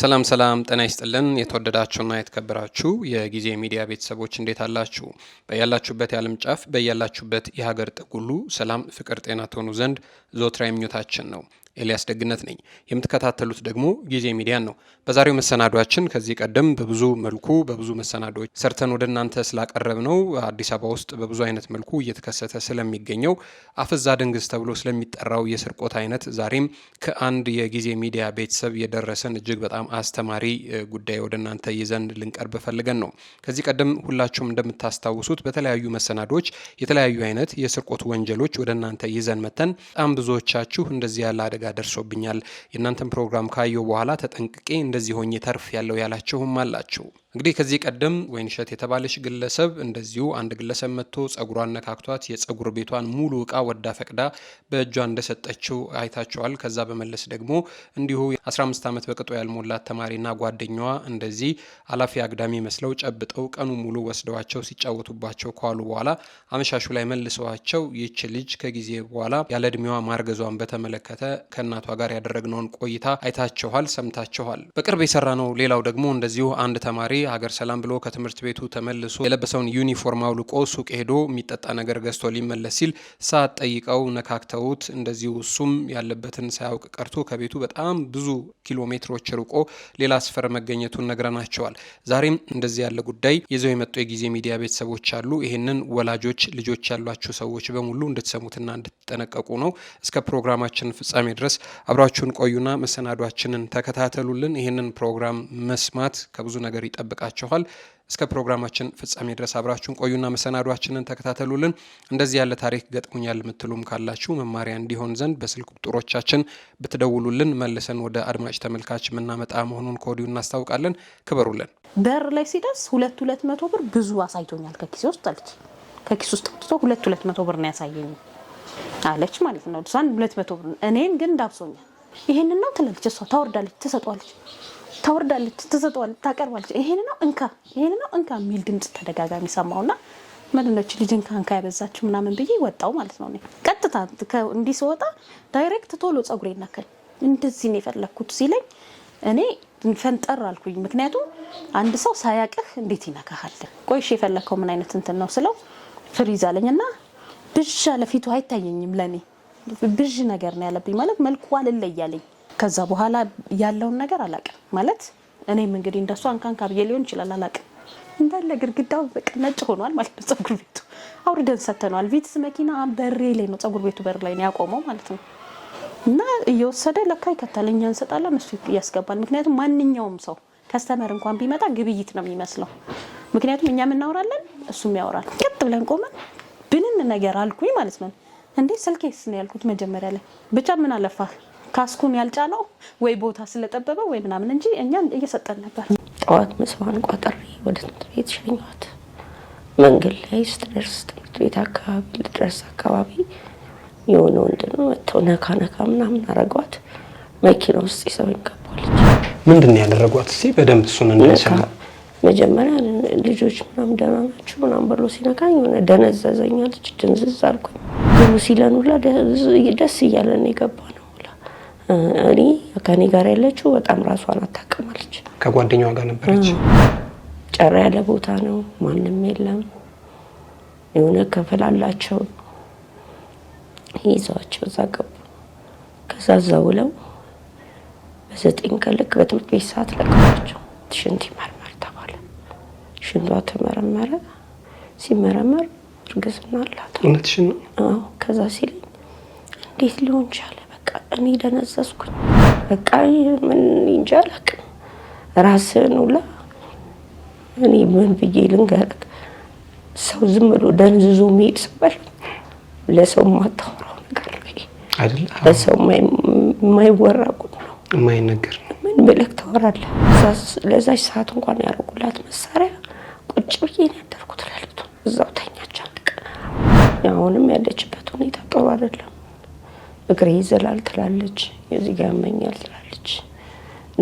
ሰላም ሰላም፣ ጤና ይስጥልን የተወደዳችሁና የተከበራችሁ የጊዜ ሚዲያ ቤተሰቦች እንዴት አላችሁ? በያላችሁበት የዓለም ጫፍ በያላችሁበት የሀገር ጥግ ሁሉ ሰላም፣ ፍቅር፣ ጤና ትሆኑ ዘንድ ዞትራ ምኞታችን ነው። ኤልያስ ደግነት ነኝ። የምትከታተሉት ደግሞ ጊዜ ሚዲያን ነው። በዛሬው መሰናዷችን ከዚህ ቀደም በብዙ መልኩ በብዙ መሰናዶች ሰርተን ወደ እናንተ ስላቀረብ ነው አዲስ አበባ ውስጥ በብዙ አይነት መልኩ እየተከሰተ ስለሚገኘው አፍዛ ድንግዝ ተብሎ ስለሚጠራው የስርቆት አይነት ዛሬም ከአንድ የጊዜ ሚዲያ ቤተሰብ የደረሰን እጅግ በጣም አስተማሪ ጉዳይ ወደ እናንተ ይዘን ልንቀርብ ፈልገን ነው። ከዚህ ቀደም ሁላችሁም እንደምታስታውሱት በተለያዩ መሰናዶች የተለያዩ አይነት የስርቆት ወንጀሎች ወደ እናንተ ይዘን መተን በጣም ብዙዎቻችሁ እንደዚህ ያለ አደጋ አደጋ ደርሶብኛል፣ የእናንተን ፕሮግራም ካየሁ በኋላ ተጠንቅቄ እንደዚህ ሆኜ ተርፍ ያለው ያላችሁም አላችሁ። እንግዲህ ከዚህ ቀደም ወይንሸት የተባለች ግለሰብ እንደዚሁ አንድ ግለሰብ መጥቶ ጸጉሯን ነካክቷት የጸጉር ቤቷን ሙሉ እቃ ወዳ ፈቅዳ በእጇ እንደሰጠችው አይታቸዋል። ከዛ በመለስ ደግሞ እንዲሁ 15 ዓመት በቅጦ ያልሞላት ተማሪና ጓደኛዋ እንደዚህ አላፊ አግዳሚ መስለው ጨብጠው ቀኑ ሙሉ ወስደዋቸው ሲጫወቱባቸው ከዋሉ በኋላ አመሻሹ ላይ መልሰዋቸው ይች ልጅ ከጊዜ በኋላ ያለ እድሜዋ ማርገዟን በተመለከተ ከእናቷ ጋር ያደረግነውን ቆይታ አይታቸኋል፣ ሰምታቸኋል። በቅርብ የሰራ ነው። ሌላው ደግሞ እንደዚሁ አንድ ተማሪ ሀገር ሰላም ብሎ ከትምህርት ቤቱ ተመልሶ የለበሰውን ዩኒፎርም አውልቆ ሱቅ ሄዶ የሚጠጣ ነገር ገዝቶ ሊመለስ ሲል ሰዓት ጠይቀው ነካክተውት እንደዚሁ እሱም ያለበትን ሳያውቅ ቀርቶ ከቤቱ በጣም ብዙ ኪሎ ሜትሮች ርቆ ሌላ ስፈር መገኘቱን ነግረናቸዋል። ዛሬም እንደዚህ ያለ ጉዳይ ይዘው የመጡ የጊዜ ሚዲያ ቤተሰቦች አሉ። ይህንን ወላጆች ልጆች ያሏቸው ሰዎች በሙሉ እንድትሰሙትና እንድትጠነቀቁ ነው። እስከ ፕሮግራማችን ፍጻሜ ድረስ አብራችሁን ቆዩና መሰናዷችንን ተከታተሉልን። ይህንን ፕሮግራም መስማት ከብዙ ነገር ይጠብቃል ይጠብቃችኋል። እስከ ፕሮግራማችን ፍጻሜ ድረስ አብራችሁን ቆዩና መሰናዷችንን ተከታተሉልን። እንደዚህ ያለ ታሪክ ገጥሞኛል የምትሉም ካላችሁ መማሪያ እንዲሆን ዘንድ በስልክ ቁጥሮቻችን ብትደውሉልን መልሰን ወደ አድማጭ ተመልካች የምናመጣ መሆኑን ከወዲሁ እናስታውቃለን። ክበሩልን። በር ላይ ሲደርስ ሁለት ሁለት መቶ ብር ብዙ አሳይቶኛል። ከኪሴ ውስጥ አለች። ከኪስ ውስጥ አውጥቶ ሁለት ሁለት መቶ ብር ነው ያሳየኝ አለች ማለት ነው። እሷን ሁለት መቶ ብር እኔን ግን ዳብሶኛል። ይህንን ነው ትላለች እሷ። ታወርዳለች፣ ትሰጧለች ታወርዳለች፣ ትሰጠዋለች፣ ታቀርባለች። ይሄን ነው እንካ፣ ይሄን ነው እንካ የሚል ድምፅ ተደጋጋሚ ሰማውና ልጅ ልጅን ከአንካ ያበዛችው ምናምን ብዬ ወጣው ማለት ነው። ቀጥታ እንዲህ ስወጣ ዳይሬክት ቶሎ ፀጉሬ ይነካል። እንደዚህ ነው የፈለግኩት ሲለኝ እኔ ፈንጠር አልኩኝ። ምክንያቱም አንድ ሰው ሳያቅህ እንዴት ይነካሃል? ቆይሽ የፈለግከው ምን አይነት እንትን ነው ስለው ፍሪዝ አለኝ እና ብዥ አለ ፊቱ አይታየኝም። ለእኔ ብዥ ነገር ነው ያለብኝ ማለት መልኩ አልለያለኝ ከዛ በኋላ ያለውን ነገር አላቅም ማለት እኔም እንግዲህ እንደሱ አንካንካ ብዬ ሊሆን ይችላል አላቀ እንዳለ ግድግዳው በቃ ነጭ ሆኗል ማለት ነው። ፀጉር ቤቱ አውርደን ሰተነዋል። ቪትስ መኪና በሬ ላይ ነው ፀጉር ቤቱ በር ላይ ነው ያቆመው ማለት ነው። እና እየወሰደ ለካ ይከታል፣ እኛ እንሰጣለን፣ እሱ ያስገባል። ምክንያቱም ማንኛውም ሰው ከስተመር እንኳን ቢመጣ ግብይት ነው የሚመስለው። ምክንያቱም እኛም እናወራለን፣ እሱም ያወራል። ቀጥ ብለን ቆመን ብንን ነገር አልኩኝ ማለት ነው። እንዴ ስልኬስ ነው ያልኩት መጀመሪያ ላይ ብቻ ምን አለፋህ ካስኩን ያልጫነው ወይ ቦታ ስለጠበበ ወይ ምናምን እንጂ እኛን እየሰጠን ነበር። ጠዋት ምስማን ቋጠሪ ወደ ትምህርት ቤት ሸኘኋት። መንገድ ላይ ስትደርስ ትምህርት ቤት አካባቢ ልደርስ አካባቢ የሆነ ወንድ ነው መጥተው ነካ ነካ ምናምን አረጓት። መኪና ውስጥ ይዘውኝ ገባለች። ምንድን ያደረጓት? እስኪ በደንብ እሱን እንዳይሰማ መጀመሪያ ልጆች ምናምን ደህና ናችሁ ምናምን ብሎ ሲነካኝ የሆነ ደነዘዘኛ ልጅ ድንዝዝ አልኩኝ። ሲለን ሁላ ደስ እያለን የገባል እኔ ከኔ ጋር ያለችው በጣም ራሷን አታቀማለች። ከጓደኛዋ ጋር ነበረች። ጨራ ያለ ቦታ ነው፣ ማንም የለም። የሆነ ክፍል አላቸው ይዘዋቸው እዛ ገቡ። ከዛ እዛ ውለው በዘጠኝ ከልክ ልክ በትምህርት ቤት ሰዓት ለቀቸው። ሽንት ይመርመር ተባለ። ሽንቷ ተመረመረ። ሲመረመር እርግዝና አላት። እውነትሽን ነው? አዎ። ከዛ ሲለኝ እንዴት ሊሆን ቻለ እኔ ደነዘዝኩኝ። በቃ ምን እንጃ አላውቅም። ራስህን ሁላ እኔ ምን ብዬ ልንገርህ? ሰው ዝም ብሎ ደንዝዞ የሚሄድ ስበል ለሰው የማታወራው ነገር ነው። ለሰው የማይወራ ቁም ነው፣ የማይነገር ምን ብለህ ታወራለህ? ለዛች ሰዓት እንኳን ያደረጉላት መሳሪያ ቁጭ ብዬ ነው ያደርኩት። እዛው ተኛች። አንድ ቀን አሁንም ያለችበት ሁኔታ ጥሩ አይደለም። እግሬ ይዘላል ትላለች፣ የዚህ ጋር ያመኛል ትላለች።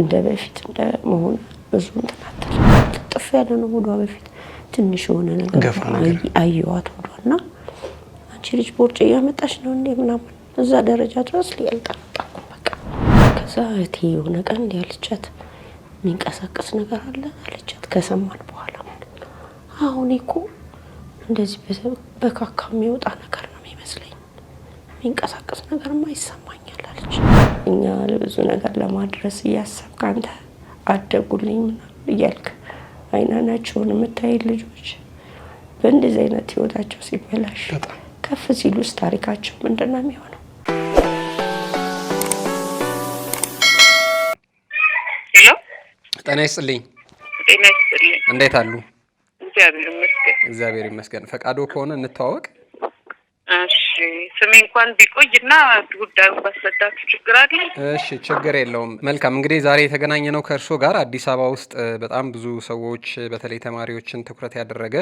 እንደ በፊት እንደ መሆን ብዙ እንትናታል ጥፍ ያለ ነው ሆዷ። በፊት ትንሽ የሆነ ነገር አየዋት ሆዷ እና አንቺ ልጅ ቦርጭ እያመጣች ነው እንዴ ምናምን እዛ ደረጃ ድረስ ሊያልጠረጣኩ በቃ። ከዛ እህቴ የሆነ ቀን እንዲ ያለቻት የሚንቀሳቀስ ነገር አለ አለቻት። ከሰማን በኋላ አሁን እኮ እንደዚህ በካካ የሚወጣ ነገር የሚንቀሳቀስ ነገርማ ይሰማኛል አለች። እኛ ለብዙ ነገር ለማድረስ እያሰብክ አንተ አደጉልኝ ምናምን እያልክ አይናናቸውን የምታይ ልጆች በእንደዚህ አይነት ህይወታቸው ሲበላሽ ከፍ ሲሉስ ታሪካቸው ምንድን ነው የሚሆነው? ጤና ይስጥልኝ። እንዴት አሉ? እግዚአብሔር ይመስገን። ፈቃዶ ከሆነ እንተዋወቅ ስሜ እንኳን ቢቆይና ጉዳዩን ባስረዳቱ ችግር አለ? እሺ ችግር የለውም። መልካም እንግዲህ ዛሬ የተገናኘ ነው ከእርሶ ጋር አዲስ አበባ ውስጥ በጣም ብዙ ሰዎች በተለይ ተማሪዎችን ትኩረት ያደረገ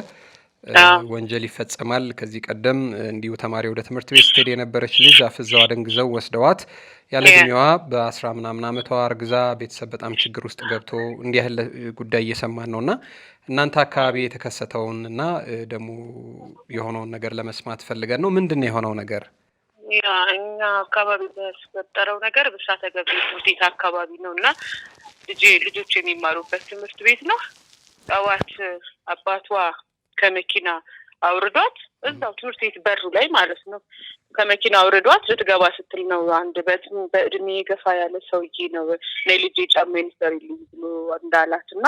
ወንጀል ይፈጸማል። ከዚህ ቀደም እንዲሁ ተማሪ ወደ ትምህርት ቤት ስትሄድ የነበረች ልጅ አፍዛው አደንግዘው ወስደዋት ያለ እድሜዋ በአስራ ምናምን ዓመቷ እርግዛ ቤተሰብ በጣም ችግር ውስጥ ገብቶ እንዲህ ያለ ጉዳይ እየሰማን ነው እና እናንተ አካባቢ የተከሰተውን እና ደግሞ የሆነውን ነገር ለመስማት ፈልገን ነው። ምንድን ነው የሆነው ነገር? ያ እኛ አካባቢ በተፈጠረው ነገር ብስራተ ገብርኤል ትምህርት ቤት አካባቢ ነው እና ልጆች የሚማሩበት ትምህርት ቤት ነው። ጠዋት አባቷ ከመኪና አውርዷት እዛው ትምህርት ቤት በሩ ላይ ማለት ነው። ከመኪና አውርዷት ልትገባ ስትል ነው አንድ በእድሜ ገፋ ያለ ሰውዬ ነው እኔ ልጄ ጫማዬን ስጠሪልኝ ብሎ እንዳላት እና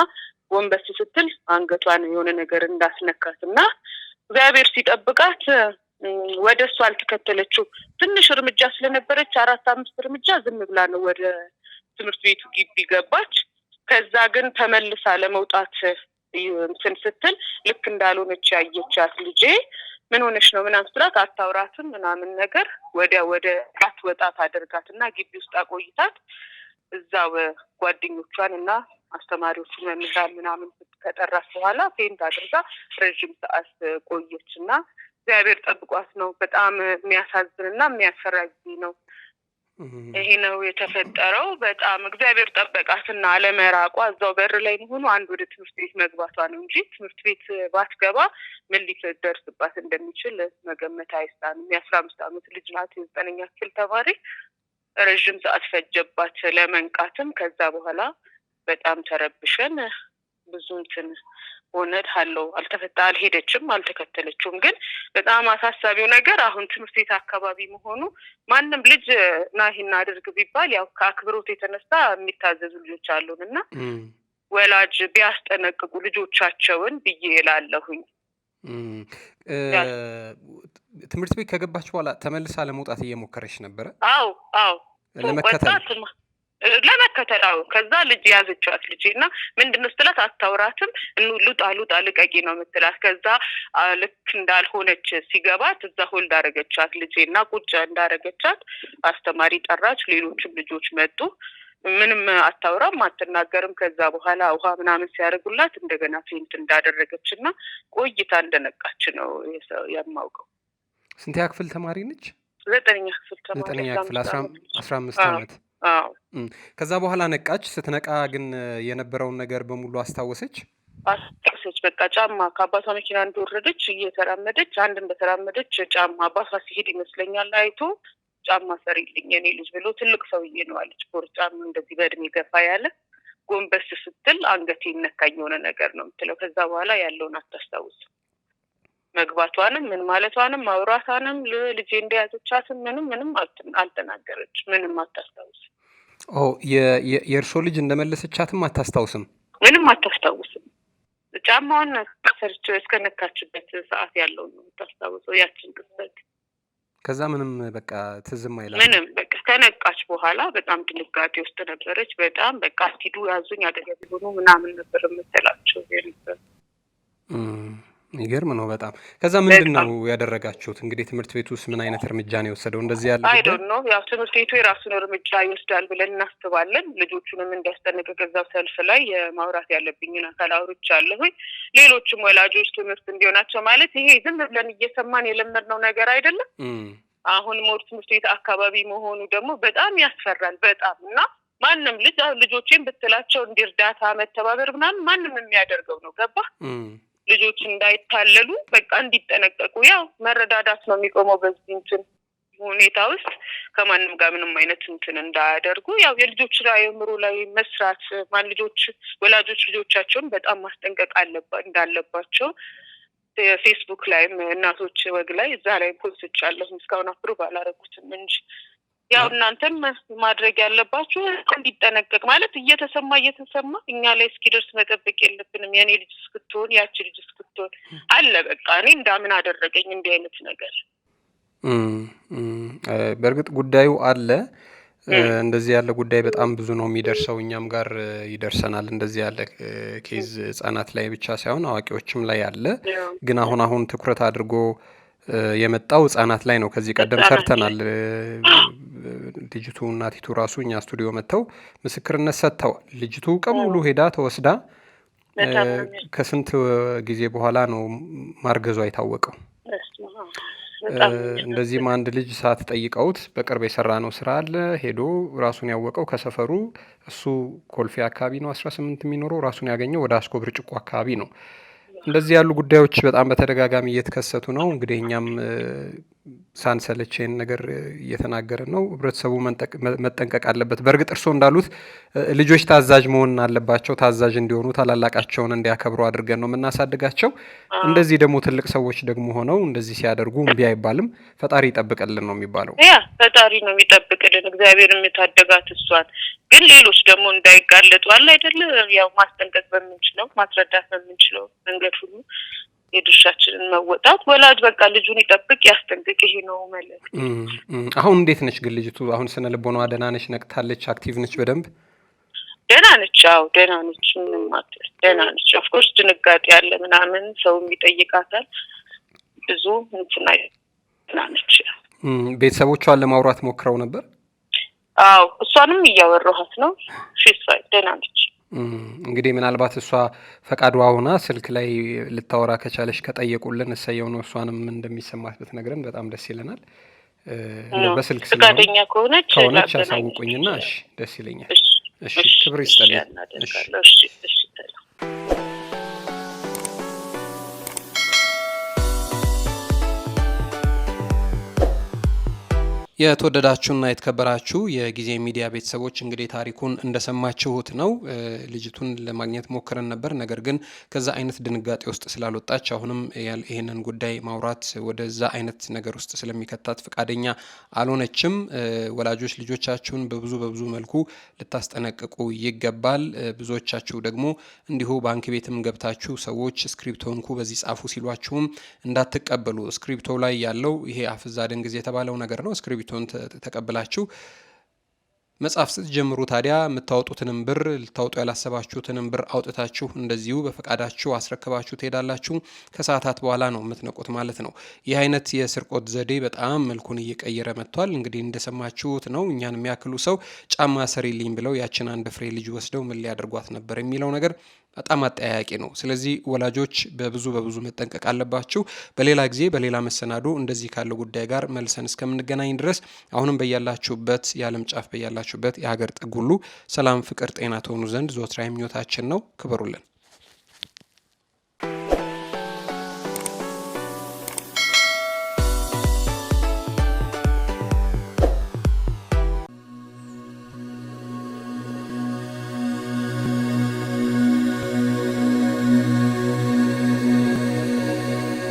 ጎንበስ ስትል አንገቷን የሆነ ነገር እንዳስነካት እና እግዚአብሔር ሲጠብቃት ወደ እሱ አልተከተለችው። ትንሽ እርምጃ ስለነበረች አራት አምስት እርምጃ ዝም ብላ ነው ወደ ትምህርት ቤቱ ግቢ ገባች። ከዛ ግን ተመልሳ ለመውጣት እንትን ስትል ልክ እንዳልሆነች ያየቻት ልጄ ምን ሆነች ነው ምናምን ስትላት አታውራትም ምናምን ነገር ወደ ወደ ራት ወጣት አደርጋት እና ግቢ ውስጥ አቆይታት እዛ ጓደኞቿን እና አስተማሪዎቹን መምህራን ምናምን ከጠራት በኋላ ፌንት አድርጋ ረዥም ሰዓት ቆየች እና እግዚአብሔር ጠብቋት ነው። በጣም የሚያሳዝን እና የሚያስፈራ ጊዜ ነው ይሄ ነው የተፈጠረው። በጣም እግዚአብሔር ጠበቃትና አለመራቋ እዛው በር ላይ መሆኑ አንድ ወደ ትምህርት ቤት መግባቷ ነው እንጂ ትምህርት ቤት ባትገባ ምን ሊደርስባት እንደሚችል መገመት አይሳንም። የአስራ አምስት አመት ልጅ ናት። የዘጠነኛ ክፍል ተማሪ ረዥም ሰዓት ፈጀባት ለመንቃትም። ከዛ በኋላ በጣም ተረብሸን ብዙ እንትን ሆነድ አለው አልተፈታ አልሄደችም፣ አልተከተለችውም። ግን በጣም አሳሳቢው ነገር አሁን ትምህርት ቤት አካባቢ መሆኑ ማንም ልጅ ና ይሄን አድርግ ቢባል ያው ከአክብሮት የተነሳ የሚታዘዙ ልጆች አሉን እና ወላጅ ቢያስጠነቅቁ ልጆቻቸውን ብዬ እላለሁኝ። ትምህርት ቤት ከገባች በኋላ ተመልሳ ለመውጣት እየሞከረች ነበረ። አዎ አዎ ለመከተል ለመከተላው ከዛ ልጅ ያዘችዋት ልጅ እና ምንድን ነው ስትላት አታውራትም። ሉጣ ሉጣ ልቀቂ ነው የምትላት። ከዛ ልክ እንዳልሆነች ሲገባት እዛ ሆልድ አደረገቻት ልጅ እና ቁጭ እንዳደረገቻት አስተማሪ ጠራች። ሌሎችም ልጆች መጡ። ምንም አታውራም፣ አትናገርም። ከዛ በኋላ ውሃ ምናምን ሲያደርጉላት እንደገና ፌንት እንዳደረገች እና ቆይታ እንደነቃች ነው የማውቀው። ስንተኛ ክፍል ተማሪ ነች? ዘጠነኛ ክፍል ተማሪ። ዘጠነኛ ክፍል አስራ አምስት አመት አዎ። ከዛ በኋላ ነቃች። ስትነቃ ግን የነበረውን ነገር በሙሉ አስታወሰች አስታወሰች። በቃ ጫማ ከአባቷ መኪና እንደወረደች እየተራመደች አንድ እንደተራመደች ጫማ አባቷ ሲሄድ ይመስለኛል አይቶ ጫማ ሰሪልኝ የኔ ልጅ ብሎ ትልቅ ሰውዬ ነው አለች። ቦርጫም እንደዚህ በእድሜ ገፋ ያለ ጎንበስ ስትል አንገቴ ይነካኝ የሆነ ነገር ነው የምትለው። ከዛ በኋላ ያለውን አታስታውስም። መግባቷንም ምን ማለቷንም ማውራቷንም ልጄ እንደያዘቻትም ምንም ምንም አልተናገረች። ምንም አታስታውስም። ኦ የእርሶ ልጅ እንደመለሰቻትም አታስታውስም? ምንም አታስታውስም። ጫማውን ሰርቸው እስከነካችበት ሰዓት ያለው ነው የምታስታውሰው፣ ያችን ቅጽበት። ከዛ ምንም በቃ ትዝም አይላ ምንም በቃ ከነቃች በኋላ በጣም ድንጋጤ ውስጥ ነበረች። በጣም በቃ አትሂዱ፣ ያዙኝ፣ አጠገብ ሆኑ ምናምን ነበር የምትላቸው የነበር ይገርም ነው በጣም። ከዛ ምንድን ነው ያደረጋችሁት? እንግዲህ ትምህርት ቤቱ ውስጥ ምን አይነት እርምጃ ነው የወሰደው? እንደዚህ ያለ አይዶን ነው ያው ትምህርት ቤቱ የራሱን እርምጃ ይወስዳል ብለን እናስባለን። ልጆቹንም እንዲያስጠነቅቅ ከዛው ሰልፍ ላይ የማውራት ያለብኝን አካል አውርቻለሁኝ። ሌሎችም ወላጆች ትምህርት እንዲሆናቸው ማለት ይሄ ዝም ብለን እየሰማን የለመድነው ነገር አይደለም። አሁን ሞር ትምህርት ቤት አካባቢ መሆኑ ደግሞ በጣም ያስፈራል። በጣም እና ማንም ልጅ ልጆቼን ብትላቸው እንዲርዳታ መተባበር ምናምን ማንም የሚያደርገው ነው ገባ ልጆች እንዳይታለሉ በቃ እንዲጠነቀቁ፣ ያው መረዳዳት ነው የሚቆመው በዚህ እንትን ሁኔታ ውስጥ ከማንም ጋር ምንም አይነት እንትን እንዳያደርጉ ያው የልጆች ላይ አእምሮ ላይ መስራት ማን ልጆች ወላጆች ልጆቻቸውን በጣም ማስጠንቀቅ እንዳለባቸው ፌስቡክ ላይም እናቶች ወግ ላይ እዛ ላይ ፖስት አለሁ። እስካሁን አፕሩቭ አላደረጉትም እንጂ ያው እናንተም ማድረግ ያለባችሁ እንዲጠነቀቅ ማለት እየተሰማ እየተሰማ እኛ ላይ እስኪደርስ መጠበቅ የለብንም። የኔ ልጅ እስክትሆን ያቺ ልጅ እስክትሆን አለ በቃ እኔ እንዳምን አደረገኝ እንዲህ አይነት ነገር። በእርግጥ ጉዳዩ አለ። እንደዚህ ያለ ጉዳይ በጣም ብዙ ነው የሚደርሰው። እኛም ጋር ይደርሰናል። እንደዚህ ያለ ኬዝ ህጻናት ላይ ብቻ ሳይሆን አዋቂዎችም ላይ አለ። ግን አሁን አሁን ትኩረት አድርጎ የመጣው ህጻናት ላይ ነው። ከዚህ ቀደም ሰርተናል። ልጅቱ እናቲቱ ራሱ እኛ ስቱዲዮ መጥተው ምስክርነት ሰጥተዋል። ልጅቱ ቀሙሉ ሙሉ ሄዳ ተወስዳ ከስንት ጊዜ በኋላ ነው ማርገዟ የታወቀው። እንደዚህም አንድ ልጅ ሰዓት ጠይቀውት በቅርብ የሰራ ነው ስራ አለ ሄዶ ራሱን ያወቀው ከሰፈሩ እሱ ኮልፌ አካባቢ ነው አስራ ስምንት የሚኖረው ራሱን ያገኘው ወደ አስኮ ብርጭቆ አካባቢ ነው እንደዚህ ያሉ ጉዳዮች በጣም በተደጋጋሚ እየተከሰቱ ነው። እንግዲህ እኛም ሳንሰለቼን ነገር እየተናገረ ነው። ህብረተሰቡ መጠንቀቅ አለበት። በእርግጥ እርሶ እንዳሉት ልጆች ታዛዥ መሆን አለባቸው። ታዛዥ እንዲሆኑ ታላላቃቸውን እንዲያከብሩ አድርገን ነው የምናሳድጋቸው። እንደዚህ ደግሞ ትልቅ ሰዎች ደግሞ ሆነው እንደዚህ ሲያደርጉ እምቢ አይባልም። ፈጣሪ ይጠብቅልን ነው የሚባለው። ያ ፈጣሪ ነው የሚጠብቅልን። እግዚአብሔር የታደጋት እሷን ግን ሌሎች ደግሞ እንዳይጋለጡ አለ አይደለ? ያው ማስጠንቀቅ በምንችለው ማስረዳት በምንችለው መንገድ ሁሉ የድርሻችንን መወጣት ወላጅ በቃ ልጁን ይጠብቅ፣ ያስጠንቅቅ። ይሄ ነው መለት። አሁን እንዴት ነች ግን ልጅቱ? አሁን ስነ ልቦና ደህና ነች? ነቅታለች? አክቲቭ ነች? በደንብ ደህና ነች። አዎ ደህና ነች። ምንም አትል ደህና ነች። ኦፍኮርስ ድንጋጤ ያለ ምናምን ሰውም ይጠይቃታል ብዙ እንትና ደህና ነች። ቤተሰቦቿን ለማውራት ሞክረው ነበር? አዎ እሷንም እያወራኋት ነው። ደህና ነች። እንግዲህ ምናልባት እሷ ፈቃዷ ሆና ስልክ ላይ ልታወራ ከቻለች ከጠየቁልን እሰየው ነው። እሷንም እንደሚሰማት ብትነግረን በጣም ደስ ይለናል። በስልክ ፈቃደኛ ከሆነች ከሆነች አሳውቁኝና፣ እሺ፣ ደስ ይለኛል። እሺ፣ ክብር ይስጠልኝ። የተወደዳችሁና የተከበራችሁ የጊዜ ሚዲያ ቤተሰቦች እንግዲህ ታሪኩን እንደሰማችሁት ነው። ልጅቱን ለማግኘት ሞክረን ነበር። ነገር ግን ከዛ አይነት ድንጋጤ ውስጥ ስላልወጣች አሁንም ይህንን ጉዳይ ማውራት ወደዛ አይነት ነገር ውስጥ ስለሚከታት ፈቃደኛ አልሆነችም። ወላጆች ልጆቻችሁን በብዙ በብዙ መልኩ ልታስጠነቅቁ ይገባል። ብዙዎቻችሁ ደግሞ እንዲሁ ባንክ ቤትም ገብታችሁ ሰዎች እስክሪብቶ እንኩ በዚህ ጻፉ ሲሏችሁም እንዳትቀበሉ። ስክሪፕቶ ላይ ያለው ይሄ አፍዛ ድንግዝ የተባለው ነገር ነው። ስክሪፕቶ ስክሪፕቶን ተቀብላችሁ መጽሐፍ ስትጀምሩ ታዲያ የምታወጡትንም ብር ልታወጡ ያላሰባችሁትንም ብር አውጥታችሁ እንደዚሁ በፈቃዳችሁ አስረክባችሁ ትሄዳላችሁ። ከሰዓታት በኋላ ነው የምትነቁት ማለት ነው። ይህ አይነት የስርቆት ዘዴ በጣም መልኩን እየቀየረ መጥቷል። እንግዲህ እንደሰማችሁት ነው። እኛን የሚያክሉ ሰው ጫማ ሰሪልኝ ብለው ያችን አንድ ፍሬ ልጅ ወስደው ምን ሊያደርጓት ነበር የሚለው ነገር በጣም አጠያያቂ ነው። ስለዚህ ወላጆች በብዙ በብዙ መጠንቀቅ አለባቸው። በሌላ ጊዜ በሌላ መሰናዶ እንደዚህ ካለው ጉዳይ ጋር መልሰን እስከምንገናኝ ድረስ አሁንም በያላችሁበት የዓለም ጫፍ በያላችሁበት የሀገር ጥግ ሁሉ ሰላም፣ ፍቅር፣ ጤና ትሆኑ ዘንድ ዞትራ ምኞታችን ነው። ክበሩልን።